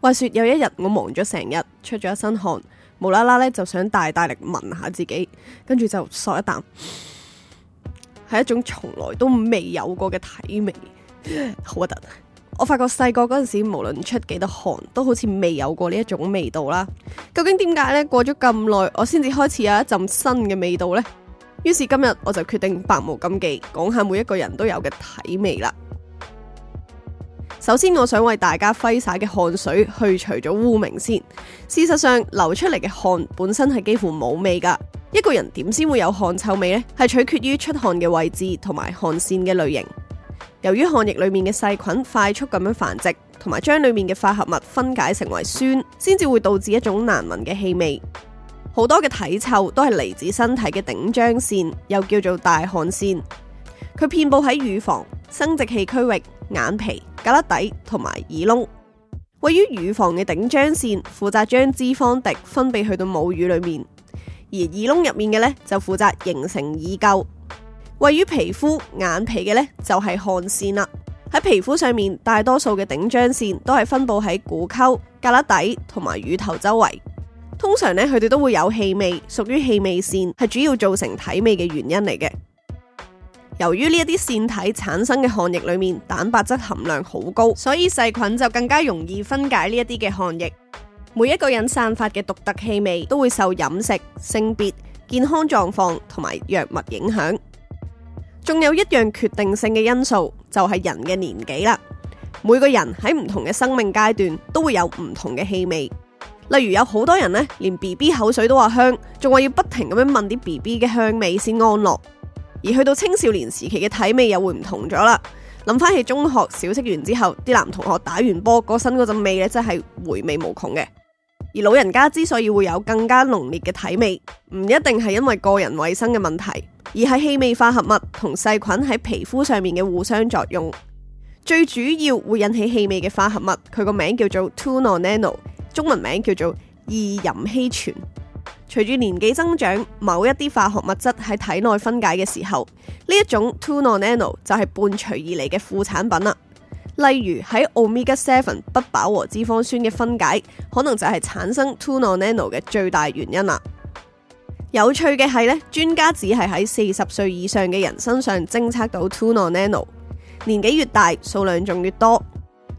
話說，有一日，我忙咗成日，出咗一身汗，無啦啦咧就想大大力聞下自己，跟住就嗦一啖，係一種從來都未有過嘅體味，好核突。我發覺細個嗰陣時，無論出幾多汗都好似未有過呢一種味道啦，究竟點解咧？過咗咁耐我先至開始有一陣新嘅味道呢？於是今日我就決定百無禁忌，講下每一個人都有嘅體味啦。首先，我想為大家揮灑嘅汗水去除咗污名先。事實上，流出嚟嘅汗本身係幾乎冇味噶。一個人點先會有汗臭味呢？係取決於出汗嘅位置同埋汗腺嘅類型。由於汗液裏面嘅細菌快速咁樣繁殖，同埋將裏面嘅化合物分解成為酸，先至會導致一種難聞嘅氣味。好多嘅體臭都係嚟自身體嘅頂漿腺，又叫做大汗腺。佢遍布喺乳房、生殖器區域、眼皮。胳肋底同埋耳窿，位於乳房嘅頂漿腺負責將脂肪滴分泌去到母乳裏面，而耳窿入面嘅咧就負責形成耳垢。位於皮膚眼皮嘅咧就係、是、汗腺啦。喺皮膚上面，大多數嘅頂漿腺都係分布喺股溝、胳肋底同埋乳頭周圍。通常咧佢哋都會有氣味，屬於氣味腺，係主要造成體味嘅原因嚟嘅。由於呢一啲腺體產生嘅汗液裏面蛋白質含量好高，所以細菌就更加容易分解呢一啲嘅汗液。每一個人散發嘅獨特氣味都會受飲食、性別、健康狀況同埋藥物影響。仲有一樣決定性嘅因素就係人嘅年紀啦。每個人喺唔同嘅生命階段都會有唔同嘅氣味。例如有好多人呢連 B B 口水都話香，仲話要不停咁樣聞啲 B B 嘅香味先安樂。而去到青少年時期嘅體味又會唔同咗啦。諗翻起中學小息完之後，啲男同學打完波，個身嗰陣味咧，真係回味無窮嘅。而老人家之所以會有更加濃烈嘅體味，唔一定係因為個人衞生嘅問題，而係氣味化合物同細菌喺皮膚上面嘅互相作用。最主要會引起氣味嘅化合物，佢個名叫做 2-nonenal，中文名叫做二壬烯醛。隨住年紀增長，某一啲化學物質喺體內分解嘅時候，呢一種 2-nonenal 就係伴隨而嚟嘅副產品啦。例如喺 omega seven 不飽和脂肪酸嘅分解，可能就係產生 2-nonenal 嘅最大原因啦。有趣嘅係咧，專家只係喺四十歲以上嘅人身上偵測到 2-nonenal，年紀越大，數量仲越多。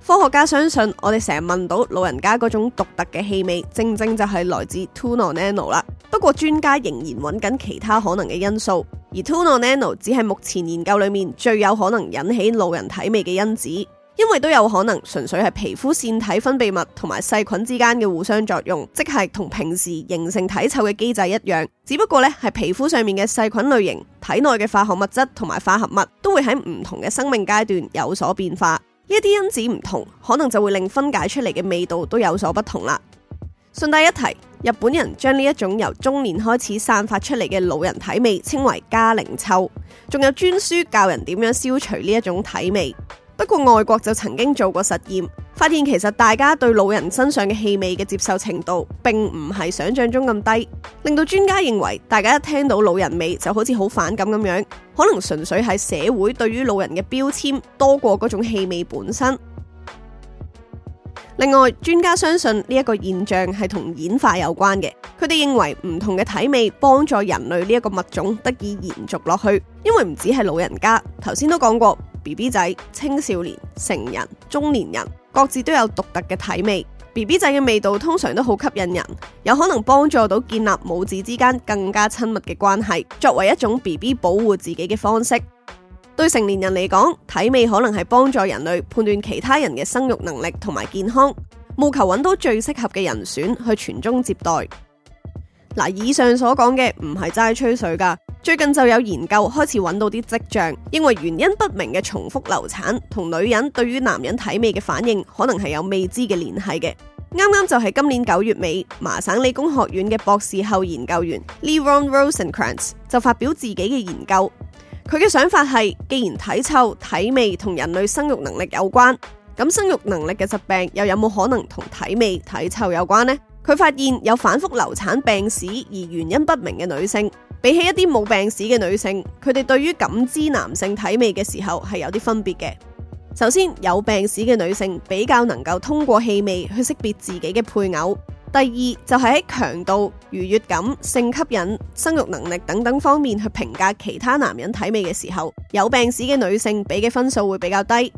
科學家相信，我哋成日聞到老人家嗰種獨特嘅氣味，正正就係來自 2-nonenal 啦。不過專家仍然揾緊其他可能嘅因素，而 2-nonenal 只係目前研究裡面最有可能引起老人體味嘅因子，因為都有可能純粹係皮膚腺體分泌物同埋細菌之間嘅互相作用，即係同平時形成體臭嘅機制一樣。只不過呢，係皮膚上面嘅細菌類型、體內嘅化學物質同埋化合物都會喺唔同嘅生命階段有所變化。一啲因子唔同，可能就會令分解出嚟嘅味道都有所不同啦。順帶一提，日本人將呢一種由中年開始散發出嚟嘅老人體味稱為加齡臭，仲有專書教人點樣消除呢一種體味。不過外國就曾經做過實驗。發現其實大家對老人身上嘅氣味嘅接受程度，並唔係想象中咁低，令到專家認為大家一聽到老人味就好似好反感咁樣。可能純粹係社會對於老人嘅標籤多過嗰種氣味本身。另外，專家相信呢一個現象係同演化有關嘅。佢哋認為唔同嘅體味幫助人類呢一個物種得以延續落去，因為唔止係老人家，頭先都講過 BB 仔、青少年、成人、中年人。各自都有獨特嘅體味，B B 仔嘅味道通常都好吸引人，有可能幫助到建立母子之間更加親密嘅關係，作為一種 B B 保護自己嘅方式。對成年人嚟講，體味可能係幫助人類判斷其他人嘅生育能力同埋健康，務求揾到最適合嘅人選去傳宗接代。嗱，以上所講嘅唔係齋吹水㗎。最近就有研究開始揾到啲跡象，認為原因不明嘅重複流產同女人對於男人體味嘅反應可能係有未知嘅聯繫嘅。啱啱就係今年九月尾，麻省理工學院嘅博士後研究員 Leron Rosenkranz 就發表自己嘅研究。佢嘅想法係，既然體臭、體味同人類生育能力有關，咁生育能力嘅疾病又有冇可能同體味、體臭有關呢？佢發現有反復流產病史而原因不明嘅女性。比起一啲冇病史嘅女性，佢哋對於感知男性體味嘅時候係有啲分別嘅。首先，有病史嘅女性比較能夠通過氣味去識別自己嘅配偶；第二，就係喺強度、愉悅感、性吸引、生育能力等等方面去評價其他男人體味嘅時候，有病史嘅女性俾嘅分數會比較低。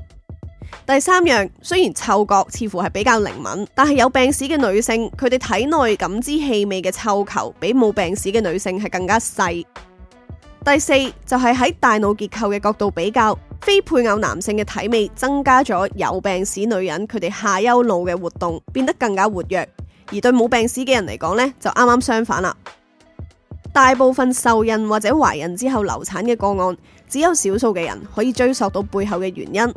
第三樣，雖然嗅覺似乎係比較靈敏，但係有病史嘅女性，佢哋體內感知氣味嘅嗅球比冇病史嘅女性係更加細。第四就係喺大腦結構嘅角度比較，非配偶男性嘅體味增加咗，有病史女人佢哋下丘腦嘅活動變得更加活躍，而對冇病史嘅人嚟講呢，就啱啱相反啦。大部分受孕或者懷孕之後流產嘅個案，只有少數嘅人可以追溯到背後嘅原因。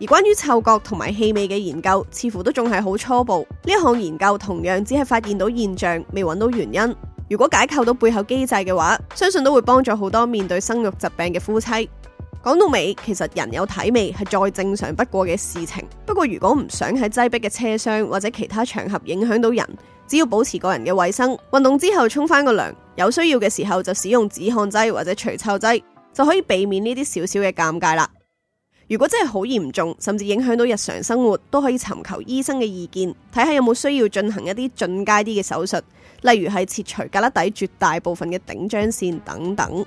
而關於嗅覺同埋氣味嘅研究，似乎都仲係好初步。呢一項研究同樣只係發現到現象，未揾到原因。如果解構到背後機制嘅話，相信都會幫助好多面對生育疾病嘅夫妻。講到尾，其實人有體味係再正常不過嘅事情。不過如果唔想喺擠逼嘅車廂或者其他場合影響到人，只要保持個人嘅衛生，運動之後沖翻個涼，有需要嘅時候就使用止汗劑或者除臭劑，就可以避免呢啲少少嘅尷尬啦。如果真係好嚴重，甚至影響到日常生活，都可以尋求醫生嘅意見，睇下有冇需要進行一啲進階啲嘅手術，例如係切除胳肋底絕大部分嘅頂漿腺等等。